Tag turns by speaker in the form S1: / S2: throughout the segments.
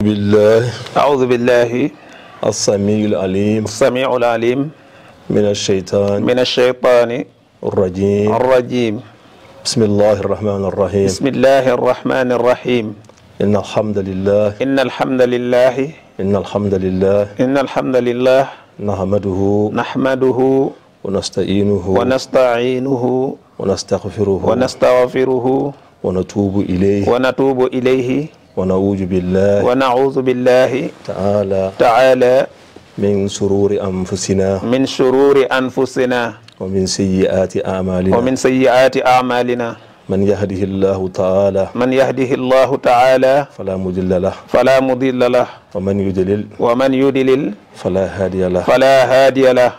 S1: بالله أعوذ بالله السميع العليم السميع العليم من الشيطان من الشيطان الرجيم الرجيم بسم الله الرحمن الرحيم بسم الله الرحمن الرحيم إن الحمد لله إن الحمد لله إن الحمد لله إن الحمد لله نحمده نحمده ونستعينه ونستعينه ونستغفره ونستغفره ونتوب إليه ونتوب إليه ونعوذ بالله ونعوذ بالله تعالى تعالى من شرور أنفسنا من شرور أنفسنا ومن سيئات أعمالنا ومن سيئات أعمالنا من يهده الله تعالى من يهده الله تعالى فلا مضل له فلا مضل له ومن يضلل ومن يضلل فلا هادي له فلا هادي له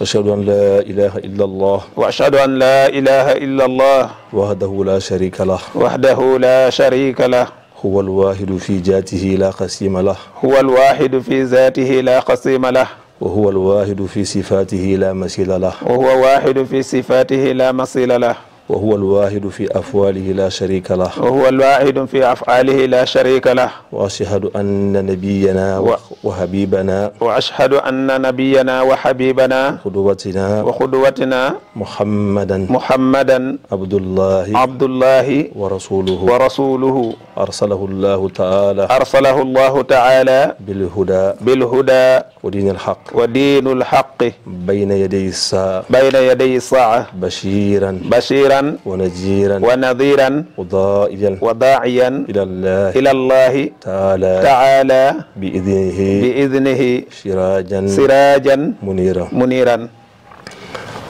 S1: واشهد أن لا إله إلا الله وأشهد أن لا إله إلا الله وحده لا شريك له وحده لا شريك له huwa alwahidu fi jaatihi la qasima lah huwa alwahidu fi zaatihi la qasima lah wa huwa alwahidu fi sifatihi la masila lah wa huwa wahidu fi sifatihi la masila lah وهو الواحد في أفواله لا شريك له وهو الواحد في أفعاله لا شريك له وأشهد أن نبينا و... وحبيبنا وأشهد أن نبينا وحبيبنا قدوتنا وقدوتنا محمدا محمدا عبد الله عبد الله ورسوله ورسوله أرسله الله تعالى أرسله الله تعالى بالهدى بالهدى ودين الحق ودين الحق بين يدي الساعة بين يدي الساعة بشيرا بشيرا بشيرا ونذيرا ونذيرا وداعيا وداعيا إلى الله إلى الله تعالى تعالى بإذنه بإذنه سراجا سراجا منيرا منيرا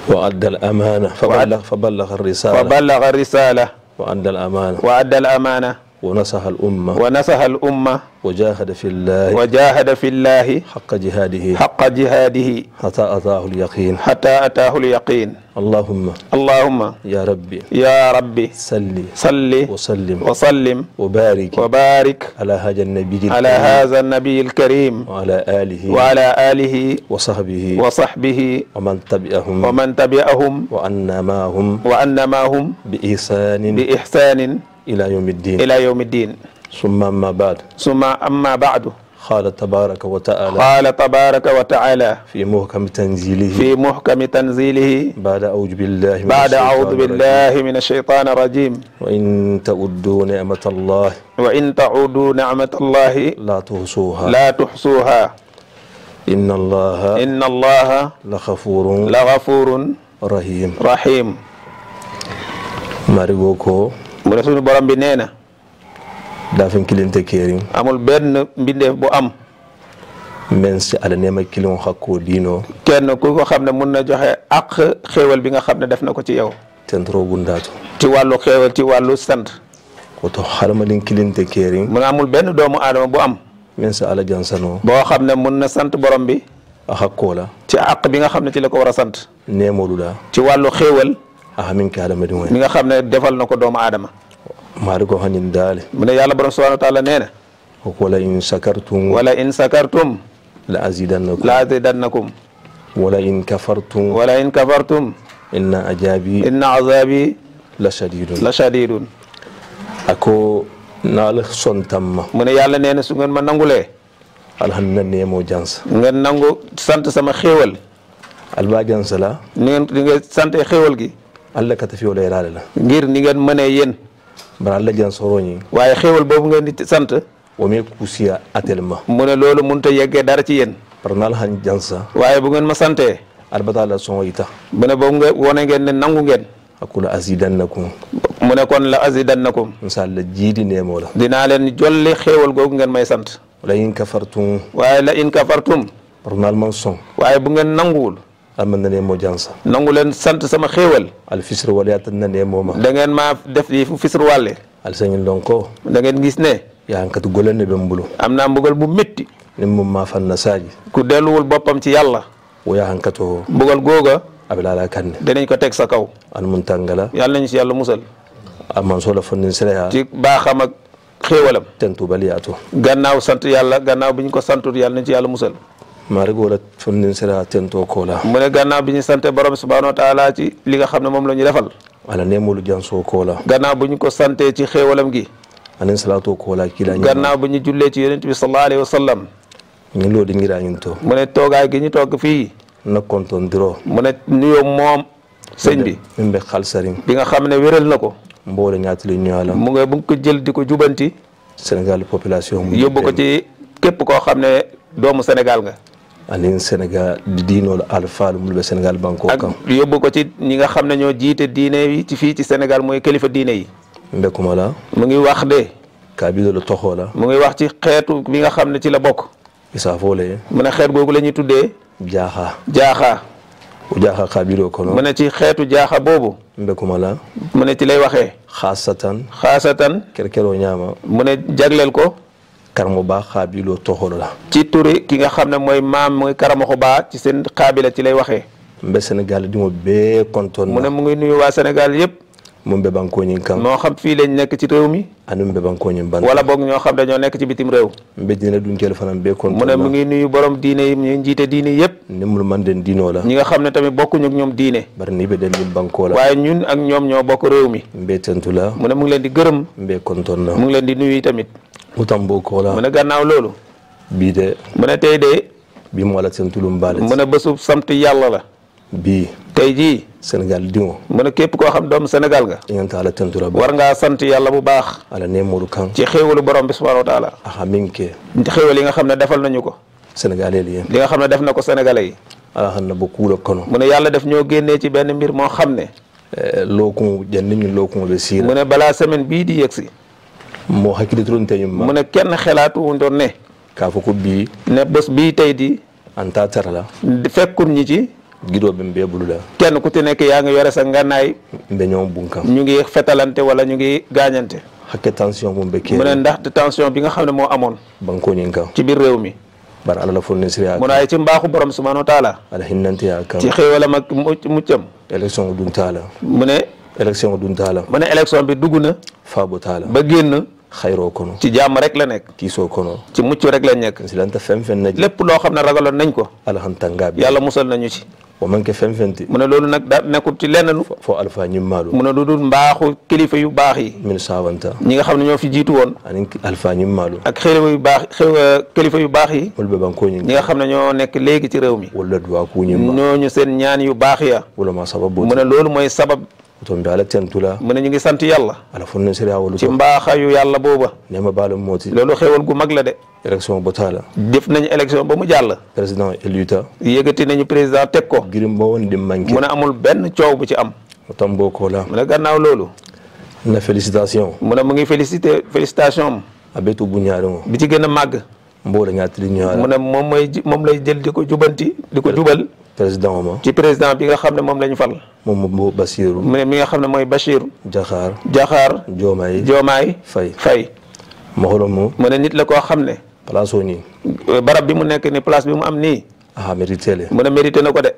S1: وأدى الأمانة فبلغ فبلغ الرسالة فبلغ الرسالة وأدى الأمانة وأدى الأمانة ونصح الأمة ونصح الأمة وجاهد في الله وجاهد في الله حق جهاده حق جهاده حتى أتاه اليقين حتى أتاه اليقين اللهم اللهم يا ربي يا ربي صلي صلي وسلم وسلم وبارك وبارك على هذا النبي الكريم على هذا النبي الكريم وعلى آله وعلى آله وصحبه وصحبه ومن تبعهم ومن تبعهم وانما هم وانما هم بإحسان بإحسان إلى يوم الدين إلى يوم الدين ثم أما بعد ثم أما بعد قال تبارك وتعالى قال تبارك وتعالى في محكم تنزيله في محكم تنزيله بعد أعوذ بالله من بعد أعوذ بالله من الشيطان الرجيم وإن تعدوا نعمة الله وإن تعدوا نعمة الله لا تحصوها لا تحصوها إن الله إن الله لغفور لغفور رحيم رحيم مارغوكو mu ne suñu borom bi nee na. daafin kilinte keerin. amul benn mbindeef bu am. men si ala neema kilin xakkoo diinoo. kenn ku ko xam ne mun na joxe ak xéewal bi nga xam ne def na ko ci yow. tentro bundaatu. ci wàllu xéewal ci wàllu sant. koto xaramalin kilinte keerin. mu ne amul benn doomu aadama bu am. men si ala jansanoo. boo xam ne mun na sant borom bi. a xakkoo la. ci àq bi nga xam ne ci la wara war a sant. neemoolu la. ci wàllu xéewal. ah min ki aadama di mi nga xam ne defal na ko doomu aadama. maari ko hanin daale mu ne yàlla borom subhanahu wa taala nee na wala in sakartum wala in sakartum la azidannakum la azidannakum wala in kafartum wala in kafartum inna ajabi inna la shadidun la shadidun ako naa la sontamma mu ne yàlla nee na su ngeen ma nangulee alhamna neemoo jans ngeen nangu sant sama xéewal alba jans la ni ngeen ni ngeen sante xéewal bara la jan soroñi waaye xéewal boobu ngeen di sant wo mi a atel ma mu ne loolu mënut a yeggee dara ci yéen par naal xan jansa waaye bu ngeen ma sante albata la son yita mu ne boobu nga wone ngeen ne nangu ngeen akula azidannakum mu ne kon la azidannakum insa la jiidi neemoo la dinaa leen jolli xéewal googu ngeen may sant la in kafartum waaye la in kafartum par naal man son waaye bu ngeen nanguwul amal na ne moo jansa nangu leen sant sama xéewal al fisir wala yaatal na ne moo ma da ngeen maa def yi fu fisir wàlle al sañil don ko da ngeen gis ne yaa nkat golen ne be mbulu am na mbugal bu métti ni moom maa fan na saaji ku delluwul boppam ci yàlla wo yaa nkatoo mbugal googa abilala kanne danañ ko teg sa kaw an mun tàngala yàlla nañ si yàlla musal aman soo la fonnin sileya ci baaxam ak xéewalam ten tuubal yaatu gannaaw sant yàlla gannaaw bi ñu ko santut yàlla nañ ci yàlla musal maarig wala fam nin sera tentoo koola mu ne gannaaw bi ñu sante borom subhanahu wa taala ci li nga xam ne moom la ñu defal ala neemolu jansoo koola gannaaw bu ñu ko sante ci xéewalam gi anin salaatoo koola kii la gannaaw bu ñu jullee ci yonent bi sallallahu alayhi wa sallam ñun loo di ngiraa ñun to mu ne toogaay gi ñu toog fii na kontoon diroo mu ne nuyoo moom sëñ bi min be bi nga xam ne wéral na ko mboole ñaatali ñuwàla mu nga bu nga ko jël di ko jubanti Sénégal population yóbbu ko ci képp koo xam ne doomu Sénégal nga anin Sénégal di diinoo la alfaalu mulɓe Sénégal banko kan ak yóbbu ko ci ñi nga xam ne ñoo jiite diine yi ci fii ci Sénégal mooy kilifa diine yi mbekkuma la mu ngi wax de kaabilo la toxoo la mu ngi wax ci xeetu bi nga xam ne ci la bokk isaa foo laye mu ne xeet googu la ñuy tuddee jaaxaa jaaxaa o jaaxa kaabilo kono mu ne ci xeetu jaaxa boobu mbekkuma la mu ne ci lay waxee xaasatan xaasatan kerkeroo ñaama mu ne jagleel ko karamu baa xaabiloo toxolo la ci turi ki nga xam ne mooy maam mooy karamoxo baa ci seen xaabila ci lay waxee mbe sénégal dimo bee kontoon mu ne mu ngi nuyu waa sénégal yëpp mu la ñi nga xam ne tamit bokkuñu ak ñoom diine bari ni be den lim bankoo la waaye ñun ak ñoom ñoo bokk mi mbe la mu ne mu ngi leen di gërëm mbe kontoon na mu leen di nuyu tamit utambo kola mu ne gannaaw loolu bii de mu ne tey de bii mu wala seen tulum baale mu na bésub sant yàlla la bii tey jii Sénégal diwo mu ne képp koo xam doomu senegal nga inganta ala tentura war ngaa sant yàlla bu baax ala ne moru kan ci xéewalu borom bi subhanahu wa taala aha ke xéewal yi nga xam ne defal nañu ko senegal yi li nga xam ne def na ko Sénégalais yi ala xam na ba kuula kono mu ne yàlla def ñoo génnee ci benn mbir moo xam ne eh, lookumu janni ñu lookumu be siira balaa semaine bii di yegsi mo hakkilitorun teñum ma mo ne kenn xelaatu wuñu ne ka fo ko bi ne bes bi tay di anta tara la fekkun ñi ci gido bi mbee bulu la kenn ku ci nek ya nga yore sa ngànnaay mbeñoo bunkam ñu ngi fetalante wala ñu ngi gañante hakke tension mo mbeke mo ne ndax tension bi nga xamne mo amone bang ko ñinga ci bir rew mi bar ala la fourni sira mo naay ci mbaxu borom subhanahu wa taala ala hinnanti ya ci xéewalam ak muccam election du taala mo ne election du taala mo ne election bi duguna taala ba genn xayroo kono ci jàmm rek la nekk tiisoo kono ci mucc rek la nekk silanta fen fen na lépp loo xam ne ragaloon nañ ko alhamtangaa bi yàlla musal nañu ci wa man ke fen fenti mu ne loolu nag da nekkul ci lenn lu fo alfa ñim maalu mu ne lu dul mbaaxu kilifa yu baax yi min saawanta ñi nga xam ne ñoo fi jiitu woon ani alfa ñim maalu ak xéewa yu baax xéw euh, yu baax yi wala babankoo ñi ñi nga xam ne ñoo nekk léegi ci réew mi wala duwaaku ñim ñooñu seen ñaan yu baax ya wala loolu mooy sabab oton be ala tentula mu ne ñu ngi sant yàlla ci mbaaxayu yàlla booba nema baalum mooti loolu xewal gu mag la de élection ba taala def nañu élection ba mu jàll président éluta yëkkati nañu président teg ko girim ba woon di manqué mu ne amul benn coow bu ci am mu tamboo ko la mu ne gannaaw loolu na félicitation mu ne mu ngi félicité félicitation am abetu bu ñaari mo ci gën a màgg mboo la ñaatili ñaar mu ne moom moom lay jël di ko jubanti di ko jubal président ma. ci président bi nga xamne mom lañu fal. mom mo Bassirou. mune mi nga xamne moy mooy Bassirou. Jaxaar Jaxaar. jomay Joomaay. Fay Fay. ma xooloon mu. mu nit la ko xamne ne. place woo barab bi mu nek ni place bi mu am ni ah mérité le mune mérité nako de.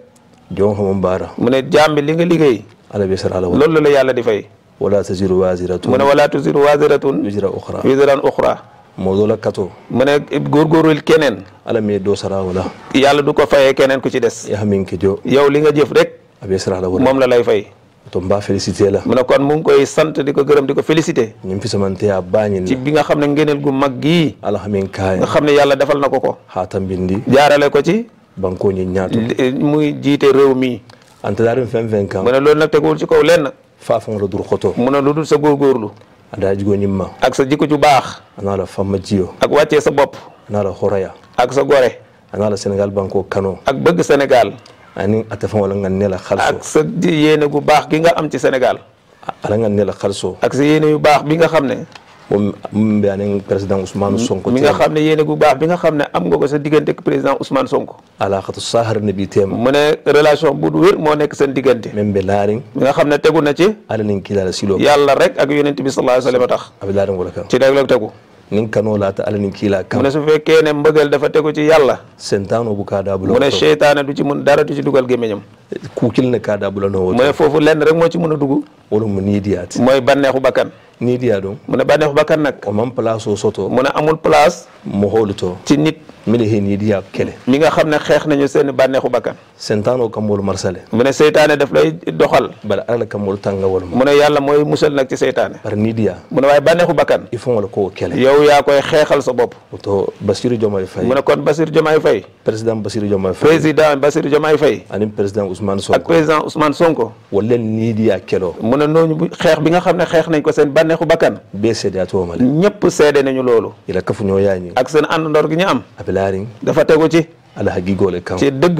S1: jom xam mom bara mune jambi li nga liggéey. ala bi sara la la yàlla di fay. wala taziru waziratun. mu ne wala taziru waziratun. wisra uxra wisran uxra moo moodola kato mu ne góorgóorul keneen ala me doo sara wala yàlla du ko fayee keneen ku ci des yaa min ke jo yow li nga jëf rek abe sara la wala moom la lay fay to mbaa félicité la mu ne kon mu ngi koy sant di ko gërëm di ko félicité ñim fi samante a baañin ci bi nga xam ne ngéneel gu mag gii ala xamin kaay nga xam ne yàlla defal na ko ko xaatam bindi jaarale ko ci banko ñi ñaato eh, muy jiite réew mi anta daarum fen fen kan mu ne loolu nag teguwul ci kaw lenn faafanla dur xoto mu ne lu dul sa góorgóorlu aɗa jigo ñimma ak sa jikko ju baax anaa anala famma jiyo ak wàccee sa bopp anala horaya ak sa gore la sénégal banko kano ak bëgg senegal anin a tafan wala ngan nela xalso ak sa yéene gu baax gi nga am ci sénégal ala ngan nela xalso ak sa yu baax bi nga xam ne moom mi mbiyaaneng président Ousmane mm-hmm. Sonko mi nga xam ne yéene gu baax bi nga xam ne am nga ko sa diggante ak président Ousmane Sonko alaaqatu sahar nabi teema mu relation bu wér moo nekk seen diggante même be laaring nga xam ne tegu na ci ala nin kiilaala siloo yàlla rek ak yonent bi sallallahu alayhi wa sallam tax abi laaring wala kan ci dag la tegu nin kanoo laata ala nin kiilaa kan mu ne su fekkee ne mbëggal dafa tegu ci yàlla sentaanoo bu kaa daabu la mu ne du ci foofu lenn rek moo ci mun a dugg wala mu nii diyaat mooy banneexu bakkan niidiya ɗum mune ɓaɗen ko bakkat nak oman place o soto a amul place mo hooluto ci nit mine hen yiiɗi nga xam ne xeex nañu seen bànneexu bakkan seytaan o kammoolu marsale mu ne seytaane daf lay doxal bala alala kammoolu tàngawol ma mu ne yàlla mooy musal nag ci seytaane par niiɗi yaa mu ne waaye bànneexu bakkan il faut nga la koo kele yow yaa xeexal sa bopp to Bassirou Diomaye Faye mu ne kon Bassirou Diomaye Faye président Bassirou Diomaye Faye président Bassirou Diomaye Faye anim président Ousmane Sonko ak président Ousmane Sonko wala niiɗi keloo mu ne nooñu xeex bi nga xam ne xeex nañ ko seen bànneexu bakkan bee seede a toomale ñëpp seede nañu loolu ila kafu ñoo yaa ñi ak seen àndandoor gi ñu am laarin dafa tegu ci ala haqiqole kan ci dëgg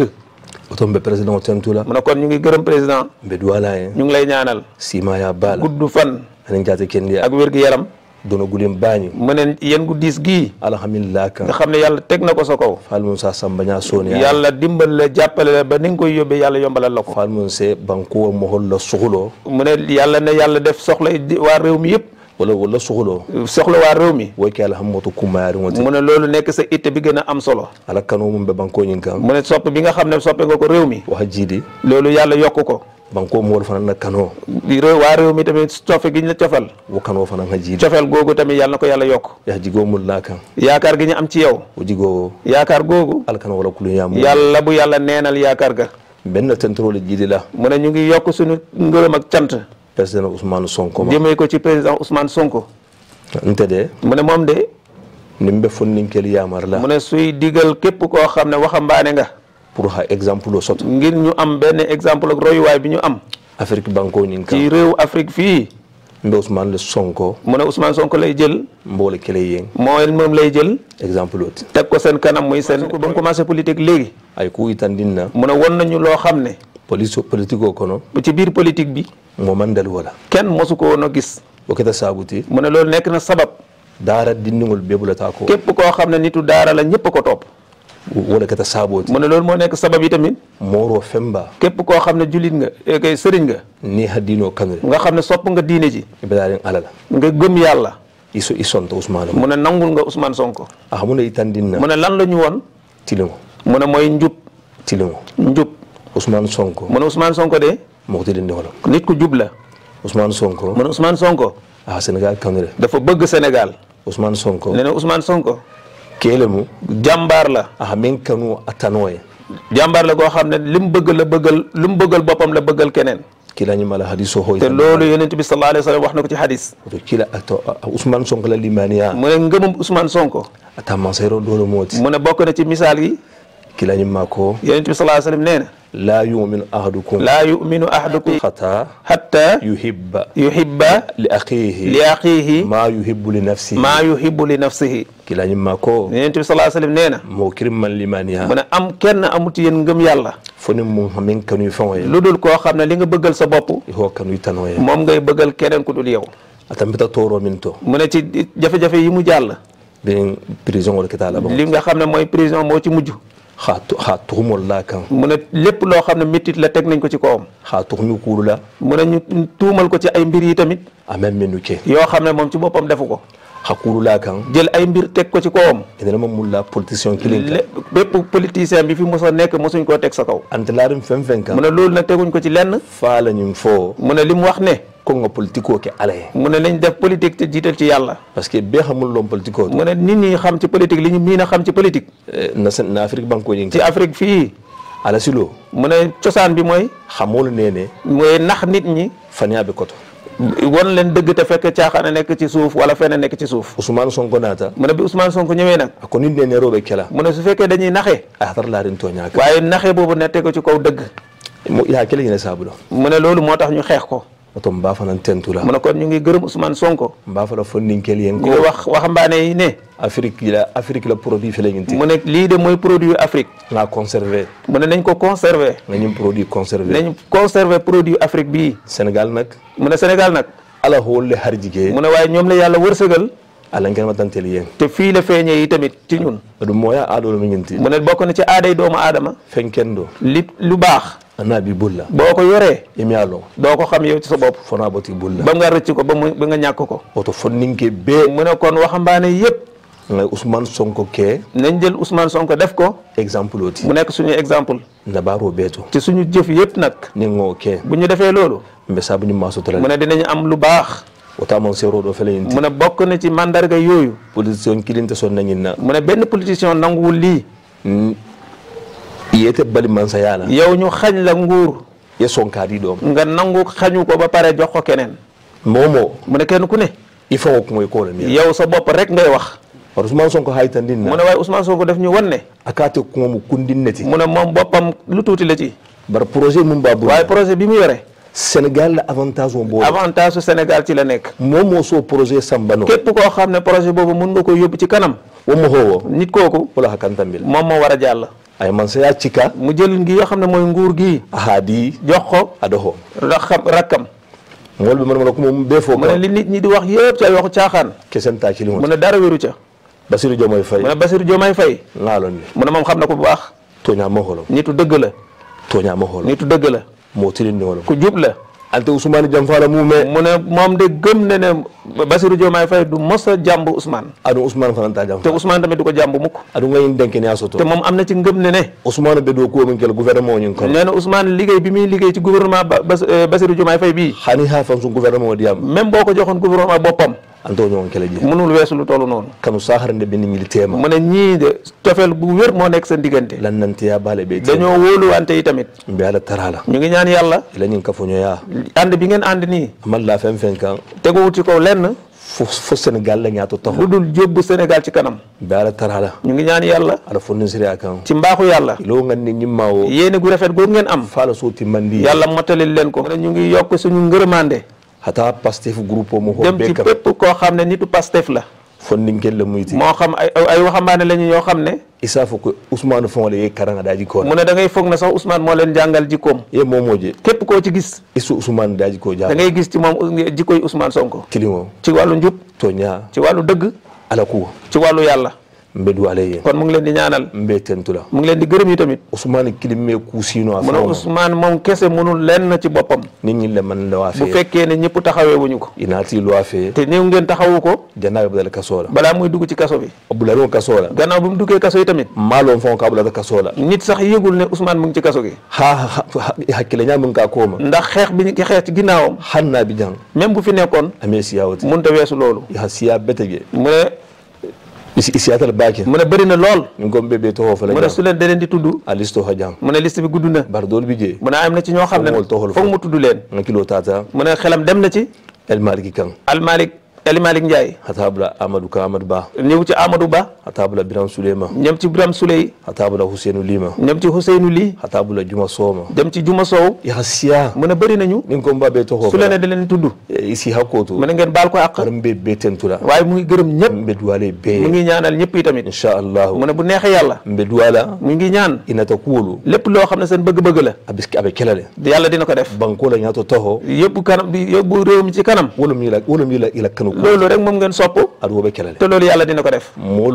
S1: oton ɓe président o tentula a ne kon ñu ngi gërëm président mbe duwala hen ñu ngi lay ñaanal simaya baala gudd fan a jaate kendiya ak wér gu yaram dono gulen baañi mu ne yéen gu diis gii alhamdulillah kan nga xam na ko sa kaw faal mum sa sambaña sooni yàlla dimbal la jàppale la ba ni nga koy yóbbee yàlla yombalal la ko faal mum se bankuwo mohol la suxuloo mu ne yàlla ne yàlla def soxla waa réew mi wala wala soxloo soxla waa rew mi woy ke ala hammatu kummayaari mo mu ne loolu nekk sa itte bi gën am solo ala kanoo mum be banko ñing kam mu ne sopp bi nga xam ne soppe nga ko réew mi wax jiidi loolu yàlla yokk ko banko mu wol fana na kanoo réew waa réew mi tamit cofe gi ñu la cofal wo kanoo fana ha jiidi cofel googu tamit yàlla ko yàlla yokk ya jigoo mul naa kan yaakaar gi ñu am ci yow o jigoo yaakaar googu ala kanoo wala kulu ñaam yàlla bu yàlla neenal yaakaar ga benn tentrole jiidi la mu ne ñu ngi yokk suñu ngërëm ak cant président Ousmane Sonko ma jëmee ko ci président Ousmane Sonko de mu ne moom de ni mbe fonninkeli la mu ne suy digal képp koo xam ne waxambaane nga pour ha exemple o ngir ñu am benn exemple ak royuwaay bi ñu am afrique banko ñin ka ci réew afrique fii mbe Ousmane le Sonko mu ne Ousmane Sonko lay jël mboole kele yéen mooy moom lay jël exemple oti teg ko seen kanam mooy seen ba mu commencé politique léegi ay ku itan din mu ne won nañu loo xam ne politique politique o kono ci biir politique bi moo mo mandal wala kenn mosu ko woon a gis o keta saabuti mu ne loolu nekk na sabab daara dindigol bebulata ko képp koo xam ne nitu daara la ñëpp ko topp wala saaboo saaboti mu ne loolu moo nekk sabab yi tamit mooroo femba képp koo xam ne julit nga eh, kay sëriñ nga ni ha diinoo kanure nga xam ne sopp nga diine ji ibadaa den alala nga gëm yàlla iso i sonto Ousmane mu ne nangul nga Ousmane Sonko ah mu ne itandin na mu ne lan la ñu woon tilimo mu ne mooy njub tilimo njub Ousmane Sonko. mu ne Ousmane Sonko de. moo ko tëddee ni wala. nit ku jub la. Ousmane Sonko. mu ne Ousmane Sonko. ah Sénégal kaw na de. dafa bëgg Sénégal. Ousmane Sonko. nee na Ousmane Sonko. keelemu. jàmbaar la. ah min kanu atanoye. jàmbaar la goo xam ne lim bëgg la bëggal lim bëggal boppam la bëggal keneen. kila ñimala hadiso hoy te loolu yonent bi sallallahu alayhi wa sallam wax na ko ci hadis to kila to ah, Ousmane Sonko la limaniya mu ne ngëmum Ousmane Sonko ata mansero doolu mooti mu ne bokk na ci misaal yi kila ñimma ko yonent bi sallallahu alayhi wa sallam nee na laa yuminu ahadukum laa yuminu ahadukum xataa xataa yuhibba yuhibba li aqiihi li aqiihi maa yuhibbu li nafsihi maa yuhibbu li nafsihi kilañumma ko yonent bi sallallahu alayhi wa sallam nee na moo kirimman limaniha mu ne am kenn amuti yéen ngëm yàlla fo ni moom xamen kanuy fawoye lu dul koo xam ne li nga bëggal sa bopp hoo kanuy tanoye moom ngay bëggal keneen ku dul yow atambita tooroo min to mu ne ci jafe-jafe yi mu jàll bi prison wala kitaala li nga xam ne mooy prison moo ci mujj xaatu xaatuxum walla kan mu ne lépp loo xam ne méttit la teg nañ ko ci kawam xaatuxum yu kuulu la mu ne ñu tuumal ko ci ay mbir yi tamit amee menu ci yoo xam ne moom ci boppam defu ko xakuululaa kan jël ay mbir teg ko ci kawam ene la ma mun laa politicien kilin bépp politicien bi fi mosa nekk mosuñ ko teg sa kaw ante laarim fen fen kan mu ne loolu nag teguñ ko ci lenn faa la ñun foo mu mu wax ne ko nga politique oo ke ala ye mu nañ def politique te jiital ci yàlla parce que bee xamul loom politique oo mu ne nit ñi xam ci politique li ñu miin a xam ci politique eh, na na Afrique banko yi ci Afrique fii ala siloo mu ne cosaan bi mooy xamoolu nee ne mooy nax nit ñi faniyaa bi koto won leen dëgg te fekk caaxaan a nekk ci suuf wala fenn nekk ci suuf Ousmane Sonko naata mu ne bi Ousmane Sonko ñëwee nag ako ah, nit ne ne roobe kela mu ne su fekkee dañuy naxe ahtar laa den tooñaaka waaye naxe boobu nette ko ci kaw dëgg yaa kele ñu ne saabu mu ne loolu moo tax ñu xeex ko oto mbafana tentula mu ne ko ñu ngi gërëm Ousmane Sonko mbafala fonninkel yen ko wax waxambaane yi ne Afrique la Afrique la produit fi la ñu ti mu ne lii de mooy produit Afrique la conserver mu ne nañ ko conserver nañu produit conserver nañ conserver produit Afrique bii Sénégal nag mu ne Sénégal nag ala holle har jigéen mu ne waaye ñoom la yàlla wërsëgal ala ngeen ma dantel yéen te fii la feeñee yi tamit ci ñun ɗum mooya aadolo mu nginti mu ne bokk na ci aaday doomu aadama fenkendo li lu baax anaabi bulla boo ko yoree imi alo doo ko xam yow ci sa bopp fona boti bulla ba nga rëcc ko ba mu ba nga ñàkk ko oto fonninke bee mu kon waxambaane yëpp ngay Ousmane Sonko kee nañ jël Ousmane Sonko def ko exemple oti mu nekk suñu exemple ndabaaroo beeto ci suñu jëf yëpp nag ni ngoo kee bu ñu defee loolu mbe bu ñu maasotala mu ne dinañu am lu baax otamoon seeroo ɗo fele yinti mu ne bokk na ci mandarga yooyu politicien kilinta son nañin na mu ne benn politicien nanguwul lii yete bali mansayala la yow ñu xañ la nguur ye sonkaadi doom nga nangu xañu ko ba pare jox ko keneen moo moo mu ne kenn ku ne il faut que mooy koo la mi yow sa bopp rek ngay wax war Ousmane Sonko haytandin na mu ne waaye Ousmane Sonko def ñu wonne ne akaate kuŋomu kundin ne ti mu ne moom boppam lu tuuti la ci bar projet mun baa waaye projet bi mu yore Sénégal la avantage moom boobu avantage su Sénégal ci la nekk moom moo soo projet sambano képp koo xam ne projet boobu mun nga ko yóbbu ci kanam wa ma xoowo nit kooku wala xakantambil moom moo war a jàll ay man sa yaa cika mu jël ngi yoo xam ne mooy nguur gi ahaadi jox ko adoho rakkam rakkam mool bi mën mën a ko moom bee foo mu ne li nit ñi di wax yëpp ci ay waxu caaxaan keseen taa ci li mu ne dara wéru ca Basiru Diomaye Faye mu ne Basiru Diomaye Faye laaloon ni mu ne moom xam na ko bu baax tooñaa ma xoolam nitu dëgg la tooñaa ma xoolam nitu dëgg la moo tirin ni wala ku jub la ante Ousmane Diam Fala mu ne moom de gëm ne ne Bassirou Diomaye Faye du mos a jàmb Ousmane aɗum fananta jam te Ousmane wayin denke ni a moom am na ci ngëm ne ne Ousmane ɓe dow kuwomin kel gouvernement oñin kon nee euh, ko joxoon gouvernement boppam anto ñoon kele ji mënul weesu lu toll noonu kanu saharande ɓe niñili teema mu ne ñii de tofel bu wér moo nekk seen diggante lan nantiya baale ɓe yi tamit mbi ala tarala ñu ngi ñaan wuti ko len kenn fo fo Sénégal la ñaata taxaw. lu dul yóbbu Sénégal ci kanam. daal taraala. ñu ngi ñaan yàlla. ala fo nusri akam. ci mbaaxu yàlla. loo nga ne ñi maawoo. yéene gu rafet googu ngeen am. faala sooti mandi. yàlla motalil leen ko. ñu ngi yokk suñu ngërëmande. xataa pastef groupe moo. ko dem ci bépp xam ne nitu pastef la. fonnin kelle muyti moo xam ay ay waxambaane lañu yoo xam ne isa fo ko ousmane fonle ye karanga da jikko mu ne da ngay foog na sax ousmane moo leen jàngal jikkoom moo momoje képp koo ci gis isu ousmane da jikko jàng da ngay gis ci moom jikkoy ousmane sonko kilimo ci wàllu njub tooñaa ci wàllu dëgg ala kuwa ci wàllu yàlla mbeduwaale yéen kon mu ngi leen di ñaanal mbeetentu la mu ngi leen di gërëm yi tamit Ousmane kilimee kuusiino a mu ne Ousmane moom kese mënul lenn ci boppam nit ñi la man la waa fee bu fekkee ne ñëpp taxawee wuñu ko inaati lu waa fee te néew ngeen taxawu ko jannaawe badal kasoo la balaa muy dugg ci kaso bi abulaaloon kasoo la gannaaw bi mu duggee kaso yi tamit maaloon fonka abulaal kasoo la nit sax yëgul ne Ousmane mu ngi ci kaso gi haa hakkille ñaa mu ngi kaa kooma ndax xeex bi ñu xeex ci ginnaawam xan naa bi jàng même bu fi nekkoon amee siyaawati mënta weesu loolu yaa siyaa bete gi mu ne isiyatal baake mu ne bëri na lool ñu ko mbébee toxoo fa la mu ne su leen da leen di tudd a listo xa jaam mu ne liste bi gudd na bar dool bi jee mu ne am na ci ñoo xam ne foog mu tudd leen na kilo tata mu ne xelam dem na ci almalik kan almalik Eli Malick a hatabla Amadou Ka Amadou Ba ñëw ci Amadou Ba hatabla Biram Souleyma a ci Biram Souley hatabla Ousseynou Lima ñëm ci Ousseynou Li hatabla Juma Sowma dem ci Juma Sow yaha siya mun a bëri eh, ko mbaɓe toko sulene da waaye mu gërëm ñëpp mbe duwale be mu ngi ñaanal bu neexee yàlla mbe duwala mu ngi ñaan inata kuwolu lépp loo xam ne seen bëgg-bëgg la abiski abe kelale yàlla dina ko def banko la ñaato toho yóbbu kanam yóbbu réew mi ci kanam wolum ila kanu lolu rek mom ngeen sopp aɗa wobe kelale te lolu yalla dina ko def lo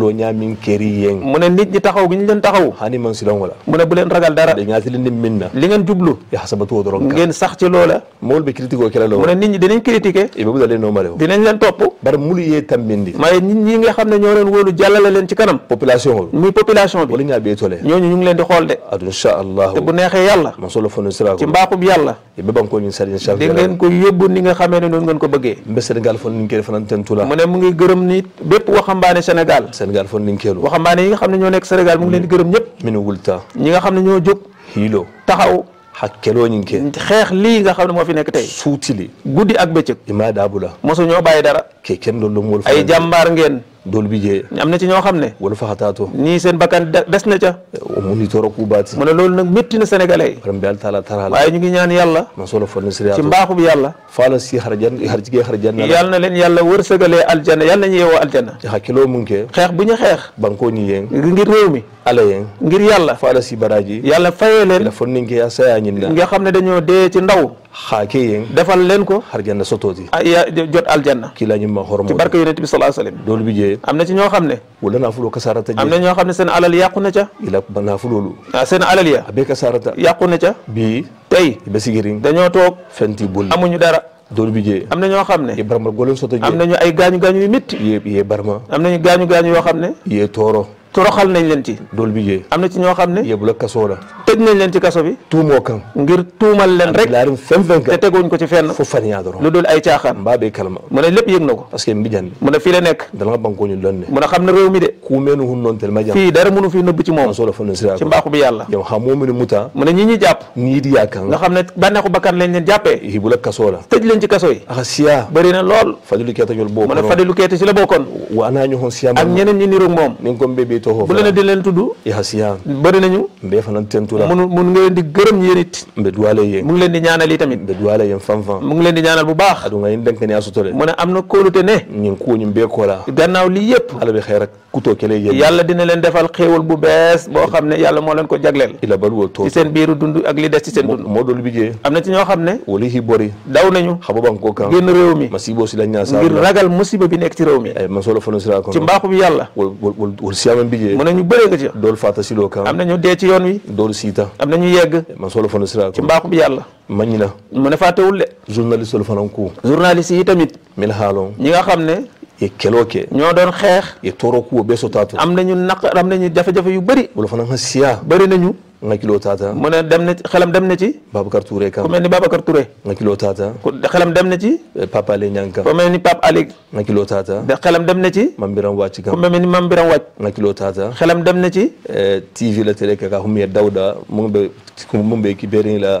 S1: loñamin keri yeng mune nit ñi taxaw giñu leen taxaw hani man silongola mu mune bu leen ragal dara ɓe ñatilinin minna li ngeen jublu Ya hasabatu wa doron ngeen sax ci lola molɓe critique o kelale mune nit ñi dinañ critiquer e ɓe ɓudale nomale o dinañ leen top bar mulu ye tambindi may nit ñi nga xamne ñoo leen wolu jàllale leen ci kanam population o muy population bi wala be tole ñooñu ñu ngi leen di xol de adu te bu neexee yalla ma solo fonu sira ci mbaxum yalla e di ngeen ko yóbbu ni nga xamene ngeen ko bëgge mbess Sénégal fon linkelu fanantentula mu ne mu ngi gërëm nit bépp waxambaane Sénégal Sénégal fon linkelu waxambaane yi nga xam ne ñoo nekk Sénégal mu ngi leen di gërëm ñëpp min wulta ñi nga xam ne ñoo jóg hiilo taxaw hakkeloo ñu ngi xeex li nga xam ne moo fi nekk te suutili guddi ak bëccëg imaa daabula mosu ñoo bàyyi dara ke kenn loolu ay jàmbaar ngeen dool bi jee am na ci ñoo xam ne wala faxataatoo ñii seen bakkan des na ca mu ni toor aku baati loolu nag métti na sénégalais yi bi taala taral waaye ñu ngi ñaan yàlla man solo ci mbaaxu bi yàlla faala si xar jan xar ci gee xar janna yàlla na leen yàlla wërsëgalee aljanna yàlla nañu yeewoo aljanna hakkiloo mun ngi xeex bu ñu xeex bankoo ñi yéeng ngir réew mi ala yéeng ngir yàlla faala si baraaji yàlla fayee leen fon niñ nga xam ne dañoo dee ci ndaw xaake yeng defal leen ko harjanna sotooti a ah, ya jot aljanna kii la ñu ma xormo ci barke yonent bi sallallahu alayhi wasallam doolu bi jee am na ci ñoo ne wala am na ñoo xam ne seen alal yàqu na ca ila naafuloolu ah seen alal ya abe kasarata yàqu na ca bii tey ba sigirin dañoo toog fenti bul amuñu dara doolu bi jee am na ñoo xam ne ye barma goleen soto am nañu ay gaañu-gaañu yu métti yee yee barma am nañu gaañu-gaañu yoo xam ne yee tooro toroxal nañ leen dool bi am na ci ñoo xam ne. yóbbu la kaso la. kaso bi. tuumoo kan. ngir tuumal leen rek. laarum fenn fenn te teguñ ko ci fenn. fo fan yaa na ko. parce que mbijan bankoo ñu doon ne. mu ne xam ne de. ku meenu hun noonu tel ma jàpp. fii dara mënu fi nëbb ci moom. ci mbaaxu bi yàlla. yow xam moo la kaso la. tëj leen ci ne fadilu keeta ci la bokkoon. waa naa ñu najjaytoo bu leen di leen tudd i hasiyan bëri nañu mbeefanan tentura mun mun gërëm yéen it mbe duwaale yéen mu leen di ñaanal yi tamit mbe duwaale yéen fanfan mu ngi leen di ñaanal bu baax aɗum ayin denkani asutole mu ne am na kóolute ne ñin kuuñum bee koola gannaaw lii yëpp ala bi xeer kutoo kele yéen yàlla dina leen defal xéewal bu bees boo xam ne yàlla moo leen ko jagleel ila baluwo too ci seen biiru dund ak li des ci seen moo doolu bi jee am na ci ñoo la ñaasa ngir ragal musiba bijee mu ne ñu bëree nga ci doolu fata siloo kan am na ñu dee ci yoon wi doolu siita am na ñu yegg man solo fana sira ci mbaaxu bi yàlla ma na mu ne fàttewul de journaliste solo fanan ku journaliste yi tamit min haaloon ñi nga xam ne ye keloo ke ñoo doon xeex ye tooroo kuwo bee sotaatu am nañu naq am nañu jafe-jafe yu bëri wala fanan siya bëri nañu nga kilo taata. mu ne dem na ci xelam dem na ci. Babacar Touré Kam ku mel ni Babacar Touré. nga kilo taata. ku xelam dem na ci. Eh, Papa Ali Niang ni Papa Ali. nga kilo taata. de xelam dem na ci. Mame Birame Wathie Kam ku mel ni Mame Birame Wathie. nga kilo taata. xelam dem na ci. Eh, TV la télé kaka humye Dawda mu ngi be mu la.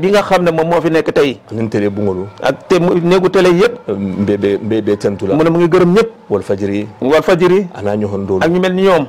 S1: bi nga xam ne moom moo fi nekk tey nen télé Bungolu ak te néegu télé yëpp euh, mbébé mbébé tentu la mu mu ngi gërëm ñëpp Walfadjri Walfadjri ana ñoxon doolu ak ñu mel ni ñoom